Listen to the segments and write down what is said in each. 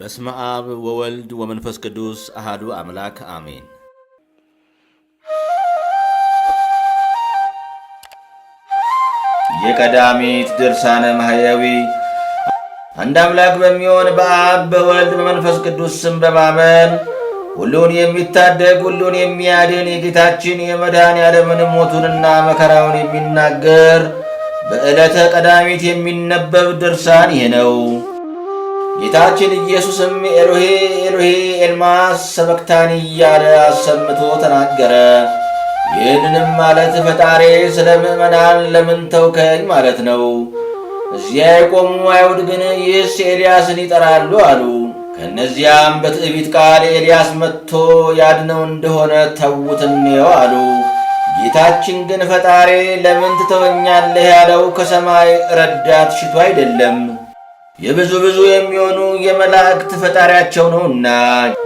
በስመ አብ ወወልድ ወመንፈስ ቅዱስ አሃዱ አምላክ አሜን። የቀዳሚት ድርሳነ ማህያዊ አንድ አምላክ በሚሆን በአብ በወልድ በመንፈስ ቅዱስ ስም በማመን ሁሉን የሚታደግ ሁሉን የሚያድን የጌታችን የመድኃኔዓለምንም ሞቱንና መከራውን የሚናገር በዕለተ ቀዳሚት የሚነበብ ድርሳን ይህ ነው። ጌታችን ኢየሱስም ኤሎሄ ኤሎሄ ኤልማስ ሰበክታኒ እያለ አሰምቶ ተናገረ። ይህንንም ማለት ፈጣሬ ስለ ምዕመናን ለምን ተውከኝ ማለት ነው። እዚያ የቆሙ አይሁድ ግን ይህስ ኤልያስን ይጠራሉ አሉ። ከእነዚያም በትዕቢት ቃል ኤልያስ መጥቶ ያድነው እንደሆነ ተዉት እንየው አሉ። ጌታችን ግን ፈጣሬ ለምን ትተወኛለህ ያለው ከሰማይ ረዳት ሽቶ አይደለም የብዙ ብዙ የሚሆኑ የመላእክት ፈጣሪያቸው ነውና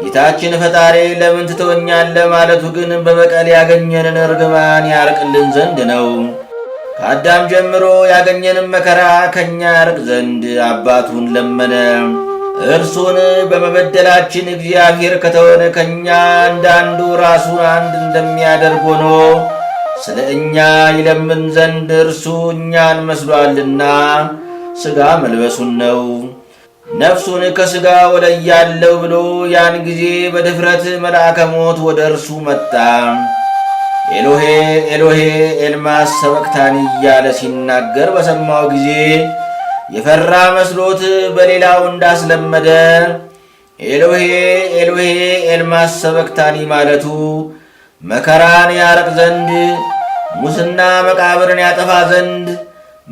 ጌታችን ፈጣሪ ለምን ትተወኛለህ ማለቱ ግን በበቀል ያገኘንን እርግማን ያርቅልን ዘንድ ነው። ከአዳም ጀምሮ ያገኘንን መከራ ከእኛ ያርቅ ዘንድ አባቱን ለመነ። እርሱን በመበደላችን እግዚአብሔር ከተሆነ ከእኛ እንዳንዱ ራሱን አንድ እንደሚያደርግ ሆኖ ስለ እኛ ይለምን ዘንድ እርሱ እኛን መስሏልና ስጋ መልበሱን ነው። ነፍሱን ከስጋ ወለያለው ብሎ ያን ጊዜ በድፍረት መልአከ ሞት ወደ እርሱ መጣ። ኤሎሄ ኤሎሄ ኤልማስ ሰበቅታኒ እያለ ሲናገር በሰማው ጊዜ የፈራ መስሎት በሌላው እንዳስለመደ ኤሎሄ ኤሎሄ ኤልማስ ሰበቅታኒ ማለቱ መከራን ያረቅ ዘንድ ሙስና መቃብርን ያጠፋ ዘንድ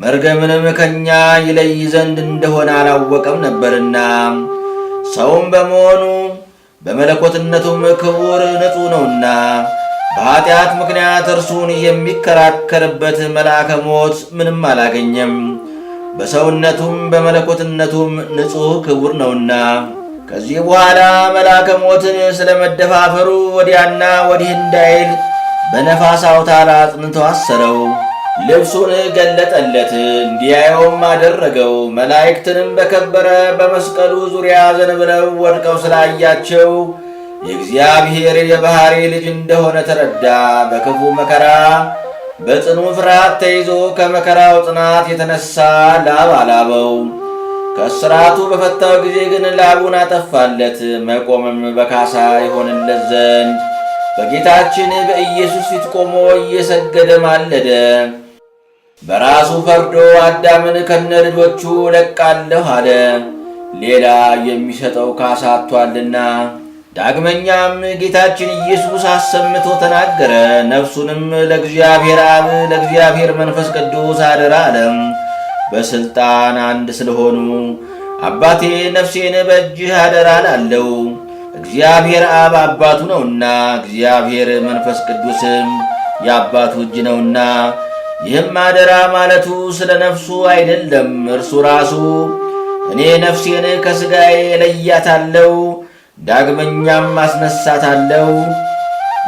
መርገምንም ከኛ ይለይ ዘንድ እንደሆነ አላወቀም ነበርና ሰውም በመሆኑ በመለኮትነቱም ክቡር ንጹሕ ነውና በኃጢአት ምክንያት እርሱን የሚከራከርበት መልአከ ሞት ምንም አላገኘም። በሰውነቱም በመለኮትነቱም ንጹሕ ክቡር ነውና ከዚህ በኋላ መልአከ ሞትን ስለ መደፋፈሩ ወዲያና ወዲህ እንዳይል በነፋስ አውታር አጽንተው አሰረው። ልብሱን ገለጠለት፣ እንዲያየውም አደረገው። መላእክትንም በከበረ በመስቀሉ ዙሪያ ዘንብለው ወድቀው ስላያቸው የእግዚአብሔር የባሕሪ ልጅ እንደሆነ ተረዳ። በክፉ መከራ በጽኑ ፍርሃት ተይዞ ከመከራው ጽናት የተነሳ ላብ አላበው። ከስራቱ በፈታው ጊዜ ግን ላቡን አጠፋለት። መቆምም በካሳ ይሆንለት ዘንድ በጌታችን በኢየሱስ ፊት ቆሞ እየሰገደ ማለደ። በራሱ ፈርዶ አዳምን ከነልጆቹ ለቃለሁ አለ። ሌላ የሚሰጠው ካሳ ዳግመኛም ጌታችን ኢየሱስ አሰምቶ ተናገረ። ነፍሱንም ለእግዚአብሔር አብ ለእግዚአብሔር መንፈስ ቅዱስ አደራ አለ። በሥልጣን አንድ ስለሆኑ አባቴ ነፍሴን በእጅህ አደራ ላለው እግዚአብሔር አብ አባቱ ነውና፣ እግዚአብሔር መንፈስ ቅዱስም የአባቱ እጅ ነውና ይህም አደራ ማለቱ ስለ ነፍሱ አይደለም። እርሱ ራሱ እኔ ነፍሴን ከሥጋዬ እለያታለሁ፣ ዳግመኛም አስነሳታለሁ፣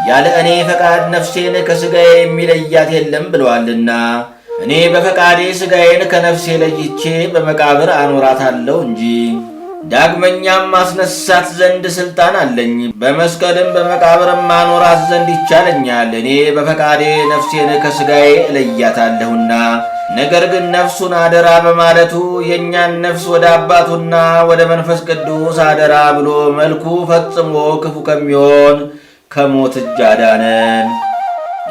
ያለ እኔ ፈቃድ ነፍሴን ከሥጋዬ የሚለያት የለም ብለዋልና እኔ በፈቃዴ ሥጋዬን ከነፍሴ ለይቼ በመቃብር አኖራታለሁ እንጂ ዳግመኛም አስነሳት ዘንድ ስልጣን አለኝ፣ በመስቀልም በመቃብርም ማኖራት ዘንድ ይቻለኛል። እኔ በፈቃዴ ነፍሴን ከሥጋዬ እለያታለሁና። ነገር ግን ነፍሱን አደራ በማለቱ የእኛን ነፍስ ወደ አባቱና ወደ መንፈስ ቅዱስ አደራ ብሎ መልኩ ፈጽሞ ክፉ ከሚሆን ከሞት እጅ አዳነን።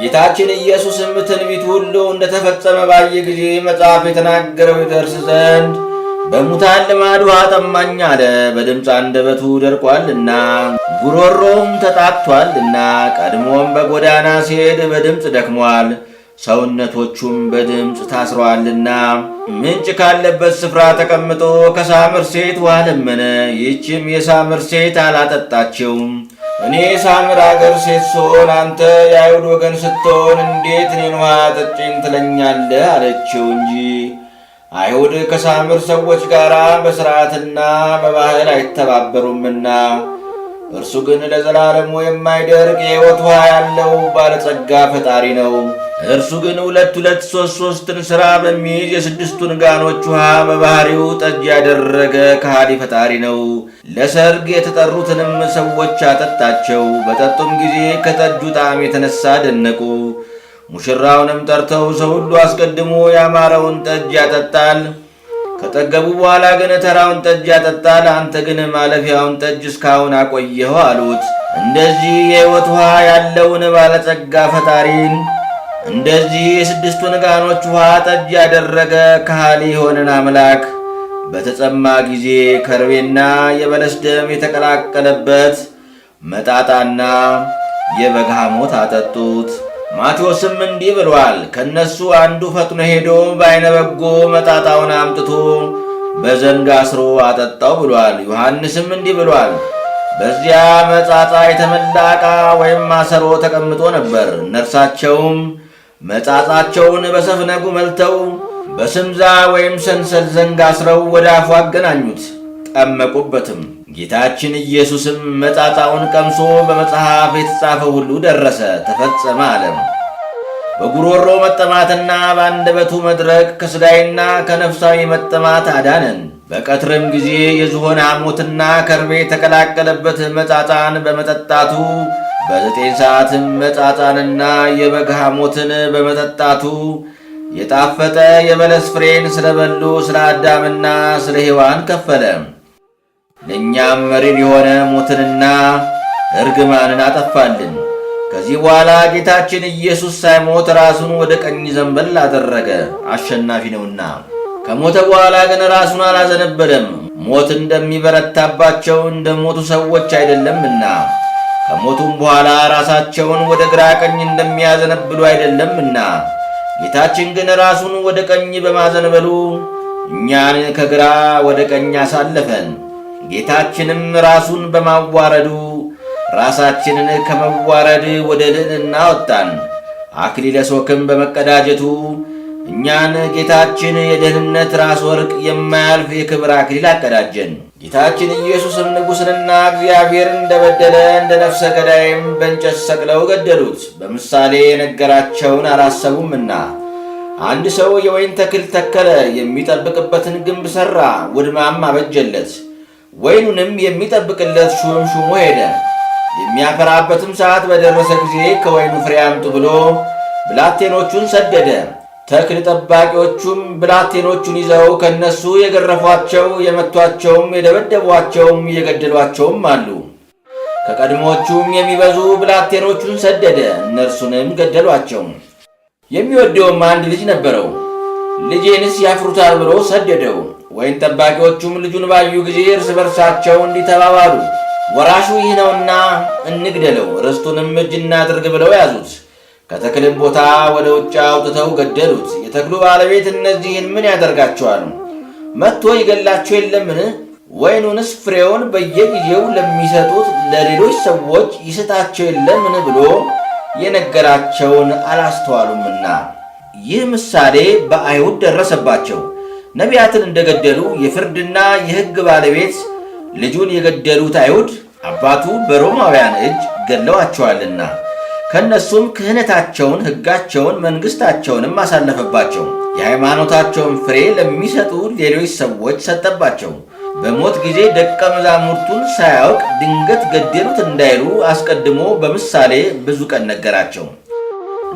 ጌታችን ኢየሱስም ትንቢቱ ሁሉ እንደተፈጸመ ባየ ጊዜ መጽሐፍ የተናገረው ይደርስ ዘንድ በሙታን ልማድ ውሃ ጠማኝ አለ፣ በድምፅ አንደበቱ ደርቋልና ጉሮሮም ተጣቅቷልና። ቀድሞም በጎዳና ሲሄድ በድምፅ ደክሟል፣ ሰውነቶቹም በድምፅ ታስረዋልና። ምንጭ ካለበት ስፍራ ተቀምጦ ከሳምር ሴት ውሃ ለመነ። ይህችም የሳምር ሴት አላጠጣችውም። እኔ ሳምር አገር ሴት ስሆን አንተ የአይሁድ ወገን ስትሆን እንዴት እኔን ውሃ ጠጪኝ ትለኛለህ? አለችው እንጂ አይሁድ ከሳምር ሰዎች ጋር በሥርዓትና በባህል አይተባበሩምና እርሱ ግን ለዘላለሙ የማይደርቅ የሕይወት ውሃ ያለው ባለጸጋ ፈጣሪ ነው። እርሱ ግን ሁለት ሁለት ሦስት ሦስትን ሥራ በሚይዝ የስድስቱን ጋኖች ውሃ በባሕሪው ጠጅ ያደረገ ከሃዲ ፈጣሪ ነው። ለሰርግ የተጠሩትንም ሰዎች አጠጣቸው። በጠጡም ጊዜ ከጠጁ ጣዕም የተነሳ ደነቁ። ሙሽራውንም ጠርተው ሰው ሁሉ አስቀድሞ ያማረውን ጠጅ ያጠጣል። ከጠገቡ በኋላ ግን ተራውን ጠጅ ያጠጣል። አንተ ግን ማለፊያውን ጠጅ እስካሁን አቆየው አሉት። እንደዚህ የሕይወት ውሃ ያለውን ባለጸጋ ፈጣሪን እንደዚህ የስድስቱን ጋኖች ውሃ ጠጅ ያደረገ ከሃሊ የሆነን አምላክ በተጸማ ጊዜ ከርቤና የበለስ ደም የተቀላቀለበት መጣጣና የበግ ሐሞት አጠጡት። ማቴዎስም እንዲህ ብሏል። ከእነሱ አንዱ ፈጥኖ ሄዶ በዓይነ በጎ መጣጣውን አምጥቶ በዘንግ አስሮ አጠጣው ብሏል። ዮሐንስም እንዲህ ብሏል። በዚያ መጻጻ የተመላ ዕቃ ወይም ማሰሮ ተቀምጦ ነበር። እነርሳቸውም መጻጻቸውን በሰፍነጉ መልተው በስምዛ ወይም ሰንሰል ዘንግ አስረው ወደ አፉ አገናኙት። ጠመቁበትም። ጌታችን ኢየሱስም መጻጻውን ቀምሶ በመጽሐፍ የተጻፈ ሁሉ ደረሰ ተፈጸመ አለም። በጉሮሮ መጠማትና በአንደበቱ መድረቅ ከስዳይና ከነፍሳዊ መጠማት አዳነን። በቀትርም ጊዜ የዝሆን ሐሞትና ከርቤ የተቀላቀለበት መጻጻን በመጠጣቱ በዘጠኝ ሰዓትም መጻጻንና የበግ ሐሞትን በመጠጣቱ የጣፈጠ የበለስ ፍሬን ስለበሉ ስለ አዳምና ስለ ሔዋን ከፈለ። ለእኛም መሪር የሆነ ሞትንና እርግማንን አጠፋልን። ከዚህ በኋላ ጌታችን ኢየሱስ ሳይሞት ራሱን ወደ ቀኝ ዘንበል አደረገ፣ አሸናፊ ነውና። ከሞተ በኋላ ግን ራሱን አላዘነበለም፣ ሞት እንደሚበረታባቸው እንደሞቱ ሰዎች አይደለምና። ከሞቱም በኋላ ራሳቸውን ወደ ግራ ቀኝ እንደሚያዘነብሉ አይደለምና። ጌታችን ግን ራሱን ወደ ቀኝ በማዘንበሉ እኛን ከግራ ወደ ቀኝ አሳለፈን። ጌታችንም ራሱን በማዋረዱ ራሳችንን ከመዋረድ ወደ ልዕልና አወጣን። አክሊለ ሦክም በመቀዳጀቱ እኛን ጌታችን የደህንነት ራስ ወርቅ የማያልፍ የክብር አክሊል አቀዳጀን። ጌታችን ኢየሱስም ንጉሥንና እግዚአብሔር እንደበደለ እንደ ነፍሰ ገዳይም በእንጨት ሰቅለው ገደሉት። በምሳሌ የነገራቸውን አላሰቡምና አንድ ሰው የወይን ተክል ተከለ፣ የሚጠብቅበትን ግንብ ሠራ፣ ውድማም አበጀለት። ወይኑንም የሚጠብቅለት ሹም ሹሞ ሄደ። የሚያፈራበትም ሰዓት በደረሰ ጊዜ ከወይኑ ፍሬ አምጡ ብሎ ብላቴኖቹን ሰደደ። ተክል ጠባቂዎቹም ብላቴኖቹን ይዘው ከነሱ የገረፏቸው፣ የመቷቸውም፣ የደበደቧቸውም እየገደሏቸውም አሉ። ከቀድሞቹም የሚበዙ ብላቴኖቹን ሰደደ፣ እነርሱንም ገደሏቸው። የሚወደውም አንድ ልጅ ነበረው። ልጄንስ ያፍሩታል ብሎ ሰደደው። ወይን ጠባቂዎቹም ልጁን ባዩ ጊዜ እርስ በርሳቸው እንዲተባባሉ ወራሹ ይህ ነውና እንግደለው፣ ርስቱንም እጅ እናድርግ ብለው ያዙት። ከተክልም ቦታ ወደ ውጭ አውጥተው ገደሉት። የተክሉ ባለቤት እነዚህን ምን ያደርጋቸዋል? መጥቶ ይገላቸው የለምን? ወይኑንስ ፍሬውን በየጊዜው ለሚሰጡት ለሌሎች ሰዎች ይሰጣቸው የለምን ብሎ የነገራቸውን አላስተዋሉምና ይህ ምሳሌ በአይሁድ ደረሰባቸው። ነቢያትን እንደገደሉ የፍርድና የሕግ ባለቤት ልጁን የገደሉት አይሁድ አባቱ በሮማውያን እጅ ገለዋቸዋልና ከእነሱም ክህነታቸውን፣ ሕጋቸውን፣ መንግሥታቸውንም አሳለፈባቸው። የሃይማኖታቸውን ፍሬ ለሚሰጡ ሌሎች ሰዎች ሰጠባቸው። በሞት ጊዜ ደቀ መዛሙርቱን ሳያውቅ ድንገት ገደሉት እንዳይሉ አስቀድሞ በምሳሌ ብዙ ቀን ነገራቸው።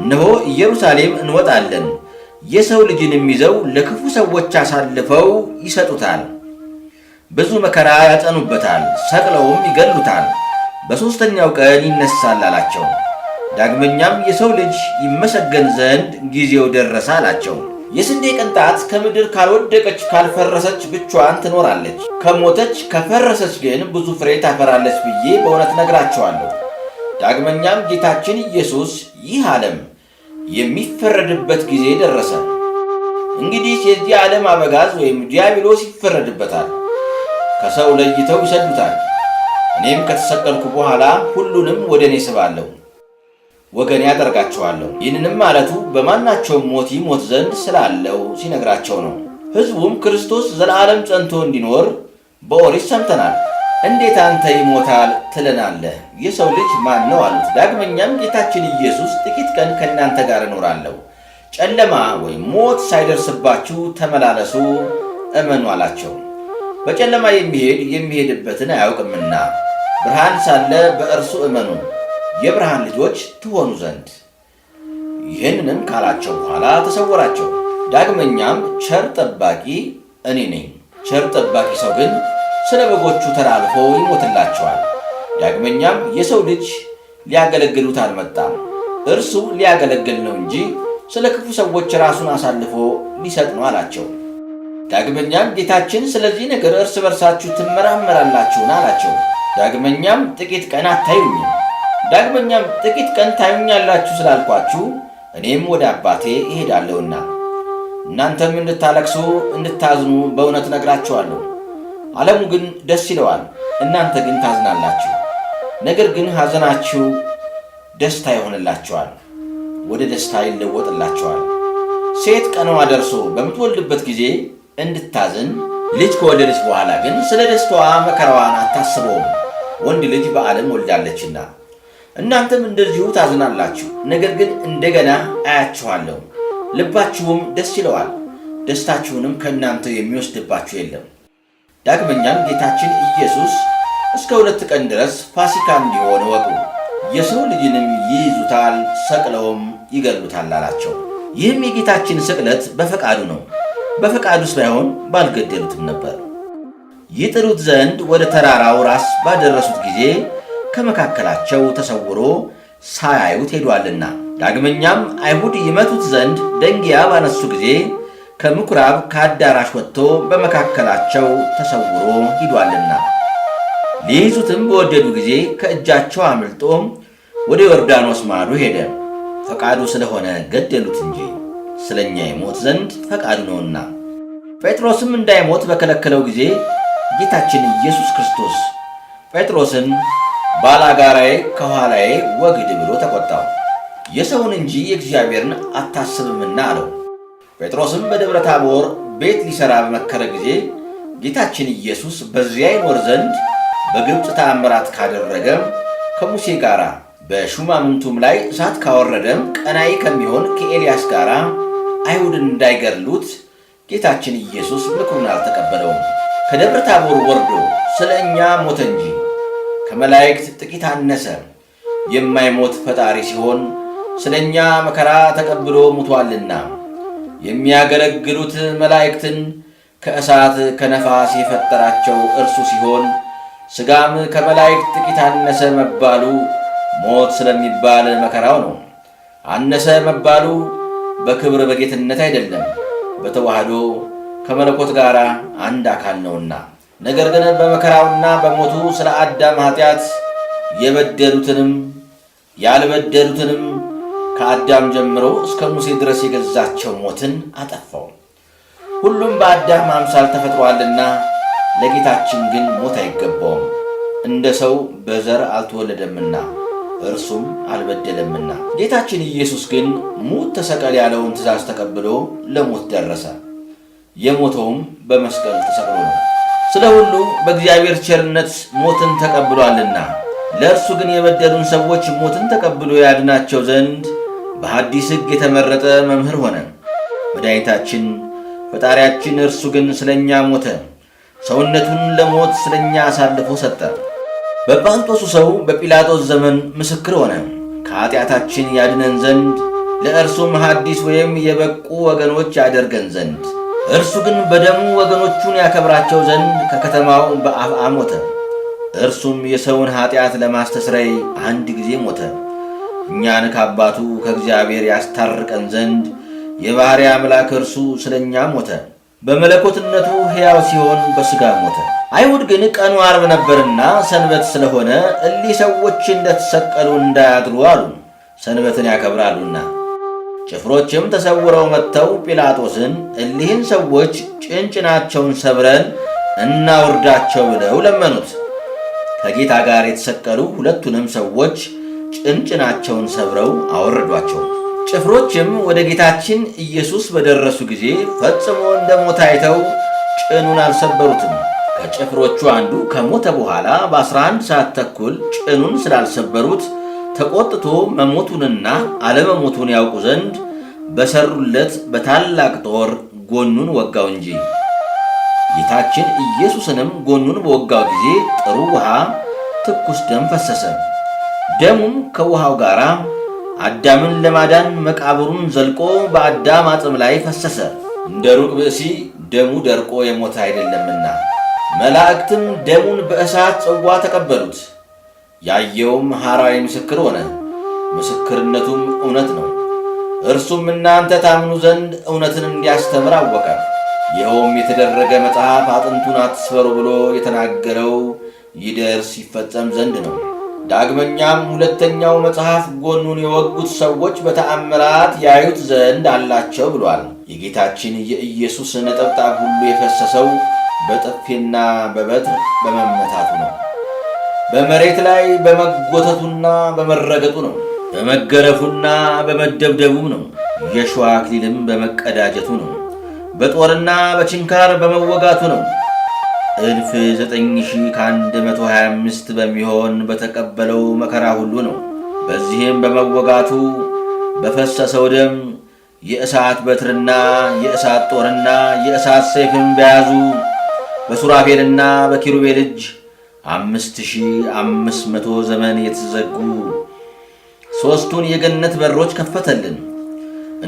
እነሆ ኢየሩሳሌም እንወጣለን፣ የሰው ልጅንም ይዘው ለክፉ ሰዎች አሳልፈው ይሰጡታል፣ ብዙ መከራ ያጠኑበታል፣ ሰቅለውም ይገሉታል፣ በሦስተኛው ቀን ይነሳል አላቸው። ዳግመኛም የሰው ልጅ ይመሰገን ዘንድ ጊዜው ደረሰ አላቸው። የስንዴ ቅንጣት ከምድር ካልወደቀች ካልፈረሰች ብቻዋን ትኖራለች፣ ከሞተች ከፈረሰች ግን ብዙ ፍሬ ታፈራለች ብዬ በእውነት ነግራቸዋለሁ። ዳግመኛም ጌታችን ኢየሱስ ይህ ዓለም የሚፈረድበት ጊዜ ደረሰ። እንግዲህ የዚህ ዓለም አበጋዝ ወይም ዲያብሎስ ይፈረድበታል፣ ከሰው ለይተው ይሰዱታል። እኔም ከተሰቀልኩ በኋላ ሁሉንም ወደ እኔ ስባለሁ፣ ወገኔ አደርጋቸዋለሁ። ይህንንም ማለቱ በማናቸውም ሞት ይሞት ዘንድ ስላለው ሲነግራቸው ነው። ሕዝቡም ክርስቶስ ዘለዓለም ጸንቶ እንዲኖር በኦሪት ሰምተናል እንዴት አንተ ይሞታል ትለናለህ? የሰው ልጅ ማን ነው አሉት። ዳግመኛም ጌታችን ኢየሱስ ጥቂት ቀን ከእናንተ ጋር እኖራለሁ፣ ጨለማ ወይም ሞት ሳይደርስባችሁ ተመላለሱ፣ እመኑ አላቸው። በጨለማ የሚሄድ የሚሄድበትን አያውቅምና ብርሃን ሳለ በእርሱ እመኑ የብርሃን ልጆች ትሆኑ ዘንድ። ይህንንም ካላቸው በኋላ ተሰወራቸው። ዳግመኛም ቸር ጠባቂ እኔ ነኝ፣ ቸር ጠባቂ ሰው ግን ስለ በጎቹ ተላልፎ ይሞትላቸዋል። ዳግመኛም የሰው ልጅ ሊያገለግሉት አልመጣም፣ እርሱ ሊያገለግል ነው እንጂ ስለ ክፉ ሰዎች ራሱን አሳልፎ ሊሰጥ ነው አላቸው። ዳግመኛም ጌታችን ስለዚህ ነገር እርስ በርሳችሁ ትመራመራላችሁን አላቸው። ዳግመኛም ጥቂት ቀን አታዩኝም፣ ዳግመኛም ጥቂት ቀን ታዩኛላችሁ ስላልኳችሁ እኔም ወደ አባቴ እሄዳለሁና እናንተም እንድታለቅሱ እንድታዝኑ በእውነት ነግራችኋለሁ። ዓለሙ ግን ደስ ይለዋል፣ እናንተ ግን ታዝናላችሁ። ነገር ግን ሐዘናችሁ ደስታ ይሆንላችኋል፣ ወደ ደስታ ይለወጥላችኋል። ሴት ቀነዋ ደርሶ በምትወልድበት ጊዜ እንድታዝን ልጅ ከወለደች በኋላ ግን ስለ ደስታዋ መከራዋን አታስበውም፣ ወንድ ልጅ በዓለም ወልዳለችና። እናንተም እንደዚሁ ታዝናላችሁ፣ ነገር ግን እንደገና አያችኋለሁ፣ ልባችሁም ደስ ይለዋል፣ ደስታችሁንም ከእናንተ የሚወስድባችሁ የለም። ዳግመኛም ጌታችን ኢየሱስ እስከ ሁለት ቀን ድረስ ፋሲካ እንዲሆን ወቁ፣ የሰው ልጅንም ይይዙታል፣ ሰቅለውም ይገሉታል አላቸው። ይህም የጌታችን ስቅለት በፈቃዱ ነው። በፈቃዱስ ባይሆን ባልገደሉትም ነበር። ይጥሉት ዘንድ ወደ ተራራው ራስ ባደረሱት ጊዜ ከመካከላቸው ተሰውሮ ሳያዩት ሄዷልና። ዳግመኛም አይሁድ ይመቱት ዘንድ ደንጊያ ባነሱ ጊዜ ከምኩራብ ከአዳራሽ ወጥቶ በመካከላቸው ተሰውሮ ሂዷልና ሊይዙትም በወደዱ ጊዜ ከእጃቸው አምልጦም ወደ ዮርዳኖስ ማዶ ሄደ። ፈቃዱ ስለሆነ ገደሉት እንጂ ስለ እኛ ይሞት ዘንድ ፈቃዱ ነውና። ጴጥሮስም እንዳይሞት በከለከለው ጊዜ ጌታችን ኢየሱስ ክርስቶስ ጴጥሮስን ባላጋራዬ ከኋላዬ ወግድ ብሎ ተቆጣው። የሰውን እንጂ የእግዚአብሔርን አታስብምና አለው። ጴጥሮስም በደብረ ታቦር ቤት ሊሠራ በመከረ ጊዜ ጌታችን ኢየሱስ በዚያ ይኖር ዘንድ በግብፅ ተአምራት ካደረገ ከሙሴ ጋር በሹማምንቱም ላይ እሳት ካወረደም ቀናይ ከሚሆን ከኤልያስ ጋር አይሁድን እንዳይገድሉት ጌታችን ኢየሱስ ምክሩን አልተቀበለውም። ከደብረ ታቦር ወርዶ ስለ እኛ ሞተ እንጂ ከመላእክት ጥቂት አነሰ። የማይሞት ፈጣሪ ሲሆን ስለ እኛ መከራ ተቀብሎ ሙቷልና የሚያገለግሉት መላእክትን ከእሳት ከነፋስ የፈጠራቸው እርሱ ሲሆን ሥጋም ከመላእክት ጥቂት አነሰ መባሉ ሞት ስለሚባል መከራው ነው። አነሰ መባሉ በክብር በጌትነት አይደለም፣ በተዋህዶ ከመለኮት ጋር አንድ አካል ነውና። ነገር ግን በመከራውና በሞቱ ስለ አዳም ኃጢአት የበደሉትንም ያልበደሉትንም ከአዳም ጀምሮ እስከ ሙሴ ድረስ የገዛቸው ሞትን አጠፋው። ሁሉም በአዳም አምሳል ተፈጥሯልና ለጌታችን ግን ሞት አይገባውም። እንደ ሰው በዘር አልተወለደምና እርሱም አልበደለምና። ጌታችን ኢየሱስ ግን ሙት ተሰቀል ያለውን ትእዛዝ ተቀብሎ ለሞት ደረሰ። የሞተውም በመስቀል ተሰቅሎ ነው። ስለ ሁሉ በእግዚአብሔር ቸርነት ሞትን ተቀብሏልና፣ ለእርሱ ግን የበደሉን ሰዎች ሞትን ተቀብሎ ያድናቸው ዘንድ በሐዲስ ሕግ የተመረጠ መምህር ሆነ። መድኃኒታችን ፈጣሪያችን እርሱ ግን ስለ እኛ ሞተ፣ ሰውነቱን ለሞት ስለ እኛ አሳልፎ ሰጠ። በጳንጦሱ ሰው በጲላጦስ ዘመን ምስክር ሆነ። ከኃጢአታችን ያድነን ዘንድ ለእርሱም ሐዲስ ወይም የበቁ ወገኖች ያደርገን ዘንድ እርሱ ግን በደሙ ወገኖቹን ያከብራቸው ዘንድ ከከተማው በአፍአ ሞተ። እርሱም የሰውን ኃጢአት ለማስተስረይ አንድ ጊዜ ሞተ። እኛን ከአባቱ ከእግዚአብሔር ያስታርቀን ዘንድ የባሕርይ አምላክ እርሱ ስለ እኛ ሞተ። በመለኮትነቱ ሕያው ሲሆን በሥጋ ሞተ። አይሁድ ግን ቀኑ አርብ ነበርና ሰንበት ስለሆነ እሊህ ሰዎች እንደተሰቀሉ እንዳያድሩ አሉ፣ ሰንበትን ያከብራሉና። ጭፍሮችም ተሰውረው መጥተው ጲላጦስን እሊህን ሰዎች ጭንጭናቸውን ሰብረን እናውርዳቸው ብለው ለመኑት። ከጌታ ጋር የተሰቀሉ ሁለቱንም ሰዎች ጭንጭናቸውን ሰብረው አወረዷቸው። ጭፍሮችም ወደ ጌታችን ኢየሱስ በደረሱ ጊዜ ፈጽሞ እንደ ሞተ አይተው ጭኑን አልሰበሩትም። ከጭፍሮቹ አንዱ ከሞተ በኋላ በ11 ሰዓት ተኩል ጭኑን ስላልሰበሩት ተቆጥቶ መሞቱንና አለመሞቱን ያውቁ ዘንድ በሰሩለት በታላቅ ጦር ጎኑን ወጋው እንጂ። ጌታችን ኢየሱስንም ጎኑን በወጋው ጊዜ ጥሩ ውሃ ትኩስ ደም ፈሰሰ። ደሙም ከውሃው ጋር አዳምን ለማዳን መቃብሩን ዘልቆ በአዳም አጥም ላይ ፈሰሰ። እንደ ሩቅ ብእሲ ደሙ ደርቆ የሞተ አይደለምና። መላእክትም ደሙን በእሳት ጽዋ ተቀበሉት። ያየውም ሐራዊ ምስክር ሆነ፣ ምስክርነቱም እውነት ነው። እርሱም እናንተ ታምኑ ዘንድ እውነትን እንዲያስተምር አወቀ። ይኸውም የተደረገ መጽሐፍ አጥንቱን አትስበሩ ብሎ የተናገረው ይደርስ ይፈጸም ዘንድ ነው። ዳግመኛም ሁለተኛው መጽሐፍ ጎኑን የወጉት ሰዎች በተአምራት ያዩት ዘንድ አላቸው ብሏል። የጌታችን የኢየሱስ ነጠብጣብ ሁሉ የፈሰሰው በጥፌና በበትር በመመታቱ ነው። በመሬት ላይ በመጎተቱና በመረገጡ ነው። በመገረፉና በመደብደቡም ነው። የሸዋ አክሊልም በመቀዳጀቱ ነው። በጦርና በችንካር በመወጋቱ ነው። እልፍ ዘጠኝ ሺህ ከአንድ መቶ ሃያ አምስት በሚሆን በተቀበለው መከራ ሁሉ ነው። በዚህም በመወጋቱ በፈሰሰው ደም የእሳት በትርና የእሳት ጦርና የእሳት ሰይፍን በያዙ በሱራፌልና በኪሩቤል እጅ አምስት ሺህ አምስት መቶ ዘመን የተዘጉ ሦስቱን የገነት በሮች ከፈተልን።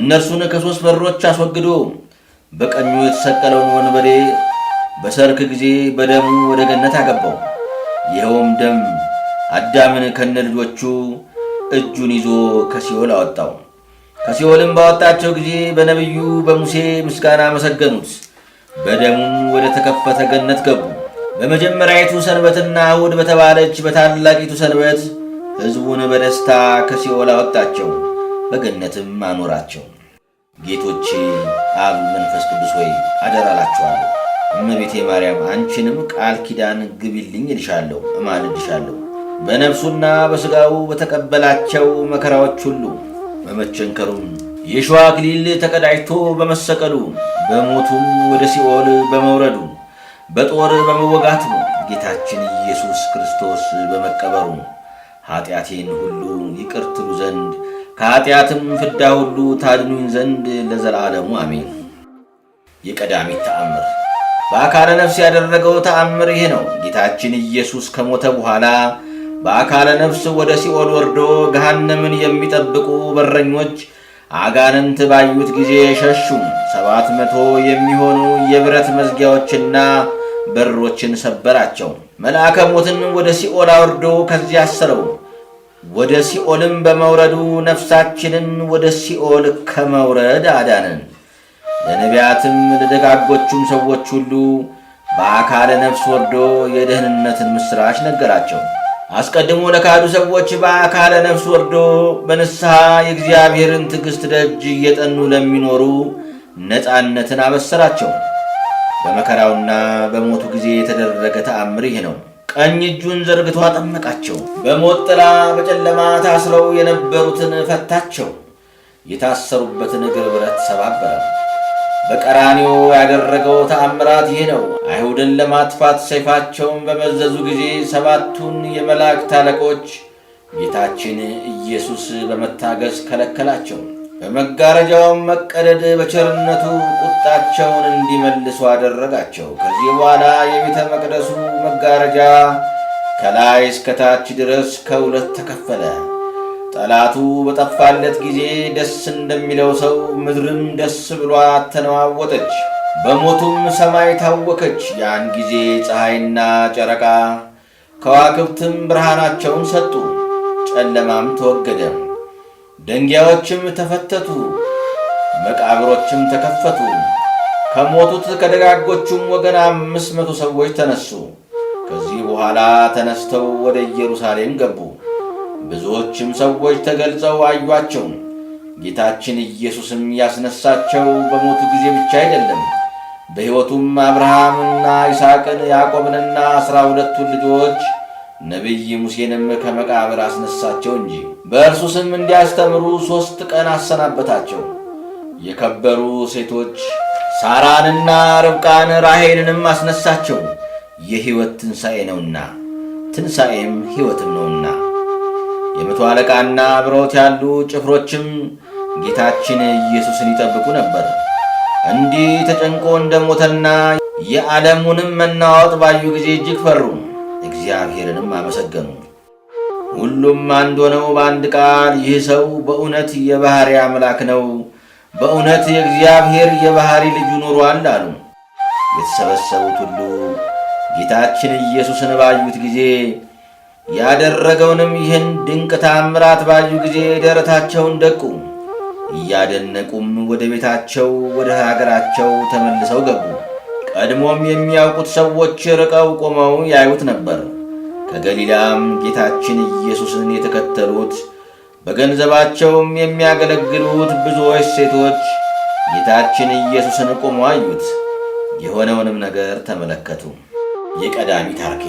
እነርሱን ከሦስት በሮች አስወግዶ በቀኙ የተሰቀለውን ወንበዴ በሰርክ ጊዜ በደሙ ወደ ገነት አገባው። ይኸውም ደም አዳምን ከነ ልጆቹ እጁን ይዞ ከሲኦል አወጣው። ከሲኦልም ባወጣቸው ጊዜ በነቢዩ በሙሴ ምስጋና መሰገኑት። በደሙም ወደ ተከፈተ ገነት ገቡ። በመጀመሪያይቱ ሰንበትና እሁድ በተባለች በታላቂቱ ሰንበት ሕዝቡን በደስታ ከሲኦል አወጣቸው፣ በገነትም አኖራቸው። ጌቶቼ አብ መንፈስ ቅዱስ ሆይ አደራላችኋለሁ እመቤቴ ማርያም አንቺንም ቃል ኪዳን ግቢልኝ እልሻለሁ እማልድሻለሁ በነፍሱና በሥጋው በተቀበላቸው መከራዎች ሁሉ በመቸንከሩም የሸዋ አክሊል ተቀዳጅቶ በመሰቀሉ በሞቱም ወደ ሲኦል በመውረዱ በጦር በመወጋቱ ጌታችን ኢየሱስ ክርስቶስ በመቀበሩ ኀጢአቴን ሁሉ ይቅር ትሉ ዘንድ ከኀጢአትም ፍዳ ሁሉ ታድኑኝ ዘንድ ለዘላለሙ አሜን። የቀዳሚት ተአምር በአካለ ነፍስ ያደረገው ተአምር ይህ ነው። ጌታችን ኢየሱስ ከሞተ በኋላ በአካለ ነፍስ ወደ ሲኦል ወርዶ ገሃነምን የሚጠብቁ በረኞች አጋንንት ባዩት ጊዜ ሸሹ። ሰባት መቶ የሚሆኑ የብረት መዝጊያዎችና በሮችን ሰበራቸው። መልአከ ሞትን ወደ ሲኦል አውርዶ ከዚያ አሰረው። ወደ ሲኦልም በመውረዱ ነፍሳችንን ወደ ሲኦል ከመውረድ አዳነን። ለነቢያትም ለደጋጎቹም ሰዎች ሁሉ በአካለ ነፍስ ወርዶ የደህንነትን ምስራች ነገራቸው። አስቀድሞ ለካዱ ሰዎች በአካለ ነፍስ ወርዶ በንስሐ የእግዚአብሔርን ትዕግሥት ደጅ እየጠኑ ለሚኖሩ ነፃነትን አበሰራቸው። በመከራውና በሞቱ ጊዜ የተደረገ ተአምር ይህ ነው። ቀኝ እጁን ዘርግቶ አጠመቃቸው። በሞት ጥላ በጨለማ ታስረው የነበሩትን ፈታቸው። የታሰሩበትን እግር ብረት ሰባበረ። በቀራኒው ያደረገው ተአምራት ይህ ነው። አይሁድን ለማጥፋት ሰይፋቸውን በመዘዙ ጊዜ ሰባቱን የመላእክት አለቆች ጌታችን ኢየሱስ በመታገስ ከለከላቸው። በመጋረጃውም መቀደድ በቸርነቱ ቁጣቸውን እንዲመልሱ አደረጋቸው። ከዚህ በኋላ የቤተ መቅደሱ መጋረጃ ከላይ እስከታች ድረስ ከሁለት ተከፈለ። ጠላቱ በጠፋለት ጊዜ ደስ እንደሚለው ሰው ምድርም ደስ ብሏ ተነዋወጠች፣ በሞቱም ሰማይ ታወከች። ያን ጊዜ ፀሐይና ጨረቃ ከዋክብትም ብርሃናቸውን ሰጡ፣ ጨለማም ተወገደ፣ ደንጊያዎችም ተፈተቱ፣ መቃብሮችም ተከፈቱ። ከሞቱት ከደጋጎቹም ወገን አምስት መቶ ሰዎች ተነሱ። ከዚህ በኋላ ተነስተው ወደ ኢየሩሳሌም ገቡ። ብዙዎችም ሰዎች ተገልጸው አዩአቸው። ጌታችን ኢየሱስም ያስነሳቸው በሞቱ ጊዜ ብቻ አይደለም፣ በሕይወቱም አብርሃምና ይስሐቅን ያዕቆብንና ዐሥራ ሁለቱን ልጆች ነቢይ ሙሴንም ከመቃብር አስነሳቸው እንጂ። በእርሱ ስም እንዲያስተምሩ ሦስት ቀን አሰናበታቸው። የከበሩ ሴቶች ሳራንና ርብቃን ራሔልንም አስነሳቸው። የሕይወት ትንሣኤ ነውና ትንሣኤም ሕይወትም ነውና የመቶ አለቃና አብረውት ያሉ ጭፍሮችም ጌታችን ኢየሱስን ይጠብቁ ነበር። እንዲህ ተጨንቆ እንደሞተና የዓለሙንም መናወጥ ባዩ ጊዜ እጅግ ፈሩ፣ እግዚአብሔርንም አመሰገኑ። ሁሉም አንድ ሆነው በአንድ ቃል ይህ ሰው በእውነት የባሕሪ አምላክ ነው፣ በእውነት የእግዚአብሔር የባሕሪ ልጁ ኖሯል አሉ። የተሰበሰቡት ሁሉ ጌታችን ኢየሱስን ባዩት ጊዜ ያደረገውንም ይህን ድንቅ ታምራት ባዩ ጊዜ ደረታቸውን ደቁ። እያደነቁም ወደ ቤታቸው ወደ ሀገራቸው ተመልሰው ገቡ። ቀድሞም የሚያውቁት ሰዎች ርቀው ቆመው ያዩት ነበር። ከገሊላም ጌታችን ኢየሱስን የተከተሉት በገንዘባቸውም የሚያገለግሉት ብዙዎች ሴቶች ጌታችን ኢየሱስን ቆመው አዩት። የሆነውንም ነገር ተመለከቱ። የቀዳሚ ታርኬ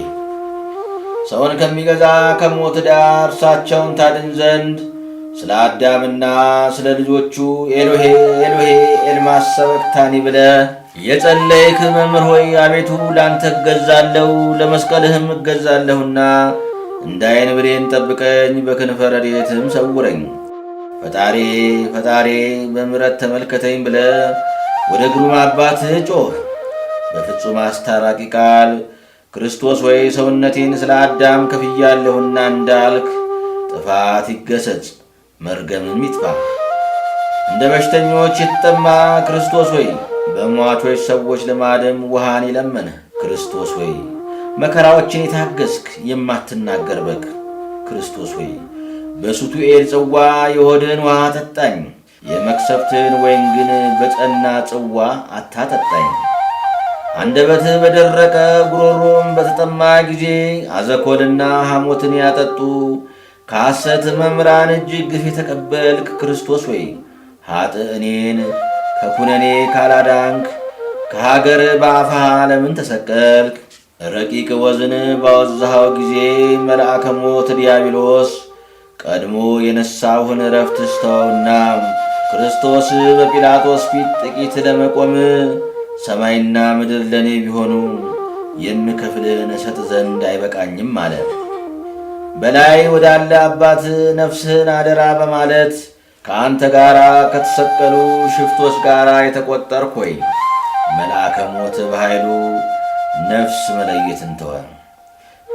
ሰውን ከሚገዛ ከሞት ዳር እርሳቸውን ታድን ዘንድ ስለ አዳምና ስለ ልጆቹ ኤሎሄ ኤሎሄ ኤልማስ ሰበቅታኒ ብለ የጸለይክ መምህር ሆይ አቤቱ ላንተ እገዛለሁ ለመስቀልህም እገዛለሁና እንደ ዓይን ብሌን ጠብቀኝ፣ በክንፈ ረድኤትህም ሰውረኝ። ፈጣሪ ፈጣሪ በምሕረት ተመልከተኝ ብለ ወደ ግሩም አባትህ ጮህ በፍጹም አስታራቂ ቃል ክርስቶስ ወይ ሰውነቴን ስለ አዳም ከፍያለሁና እንዳልክ ጥፋት ይገሰጽ፣ መርገምም ይጥፋ። እንደ በሽተኞች የተጠማ ክርስቶስ ወይ በሟቾች ሰዎች ልማድም ውሃን የለመነ ክርስቶስ ወይ መከራዎችን የታገስክ የማትናገር በግ ክርስቶስ ወይ በሱቱኤል ጽዋ የሆድን ውሃ አጠጣኝ፣ የመክሰፍትን ወይን ግን በጸና ጽዋ አታጠጣኝ። አንደበት በደረቀ ጉሮሮም በተጠማ ጊዜ አዘኮልና ሐሞትን ያጠጡ ከሐሰት መምህራን እጅግ ግፍ የተቀበልክ ክርስቶስ ወይ ሀጥ እኔን ከኩነኔ ካላዳንክ ከሀገር በአፋ ለምን ተሰቀልክ? ረቂቅ ወዝን ባወዛኸው ጊዜ መልአከ ሞት ዲያብሎስ ቀድሞ የነሳሁን እረፍት ስተውና ክርስቶስ በጲላጦስ ፊት ጥቂት ለመቆም ሰማይና ምድር ለእኔ ቢሆኑ የምከፍልህን እሰጥ ዘንድ አይበቃኝም አለ። በላይ ወዳለ አባት ነፍስህን አደራ በማለት ከአንተ ጋር ከተሰቀሉ ሽፍቶች ጋር የተቆጠርክ ሆይ መልአከ ሞት በኃይሉ ነፍስ መለየትን ተወ።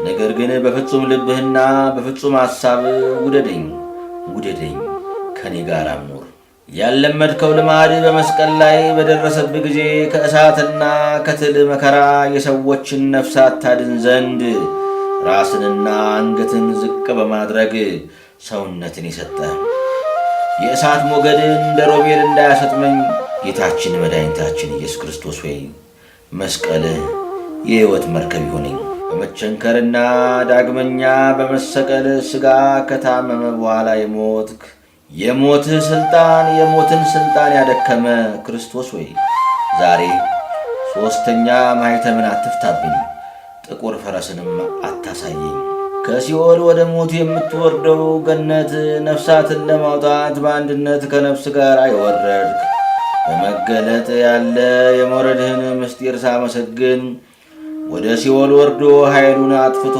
ነገር ግን በፍጹም ልብህና በፍጹም ሐሳብ ውደደኝ ውደደኝ ከኔ ጋር አምኖ ያለመድከው ልማድ በመስቀል ላይ በደረሰብህ ጊዜ ከእሳትና ከትል መከራ የሰዎችን ነፍሳት ታድን ዘንድ ራስንና አንገትን ዝቅ በማድረግ ሰውነትን የሰጠ የእሳት ሞገድ እንደ ሮቤል እንዳያሰጥመኝ ጌታችን መድኃኒታችን ኢየሱስ ክርስቶስ ወይ መስቀል የሕይወት መርከብ ይሆነኝ። በመቸንከርና ዳግመኛ በመሰቀል ሥጋ ከታመመ በኋላ የሞትክ የሞት ስልጣን የሞትን ስልጣን ያደከመ ክርስቶስ ወይ ዛሬ ሦስተኛ ማኅተምን አትፍታብኝ፣ ጥቁር ፈረስንም አታሳየኝ። ከሲኦል ወደ ሞት የምትወርደው ገነት ነፍሳትን ለማውጣት በአንድነት ከነፍስ ጋር አይወረድ በመገለጥ ያለ የመውረድህን ምስጢር ሳመሰግን ወደ ሲኦል ወርዶ ኃይሉን አጥፍቶ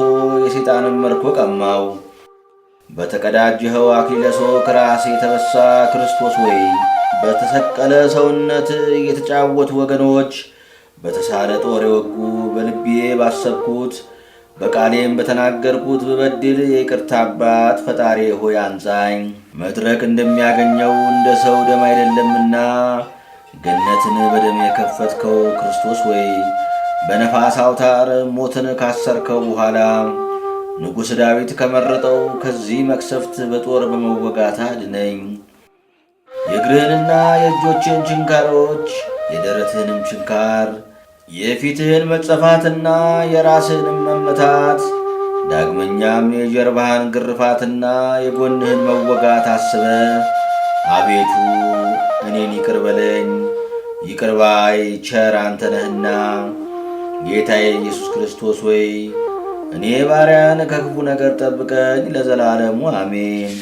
የሰይጣንን መርኮ ቀማው። በተቀዳጀኸው አክሊለ ሦክ ራስ የተበሳ ክርስቶስ ወይ በተሰቀለ ሰውነት የተጫወቱ ወገኖች በተሳለ ጦር የወጉ በልቤ ባሰብኩት በቃሌም በተናገርኩት ብበድል የይቅርታ አባት ፈጣሪ ሆይ አንጻኝ። መድረክ እንደሚያገኘው እንደ ሰው ደም አይደለምና ገነትን በደም የከፈትከው ክርስቶስ ወይ በነፋስ አውታር ሞትን ካሰርከው በኋላ ንጉሥ ዳዊት ከመረጠው ከዚህ መቅሰፍት በጦር በመወጋት አድነኝ። የእግርህንና የእጆችን ችንካሮች፣ የደረትህንም ችንካር፣ የፊትህን መጸፋትና የራስህንም መመታት፣ ዳግመኛም የጀርባህን ግርፋትና የጎንህን መወጋት አስበ አቤቱ እኔን ይቅርበለኝ ይቅርባይ ቸር አንተ ነህና ጌታዬ ኢየሱስ ክርስቶስ ወይ እኔ ባሪያን ከክፉ ነገር ጠብቀኝ ለዘላለሙ አሜን።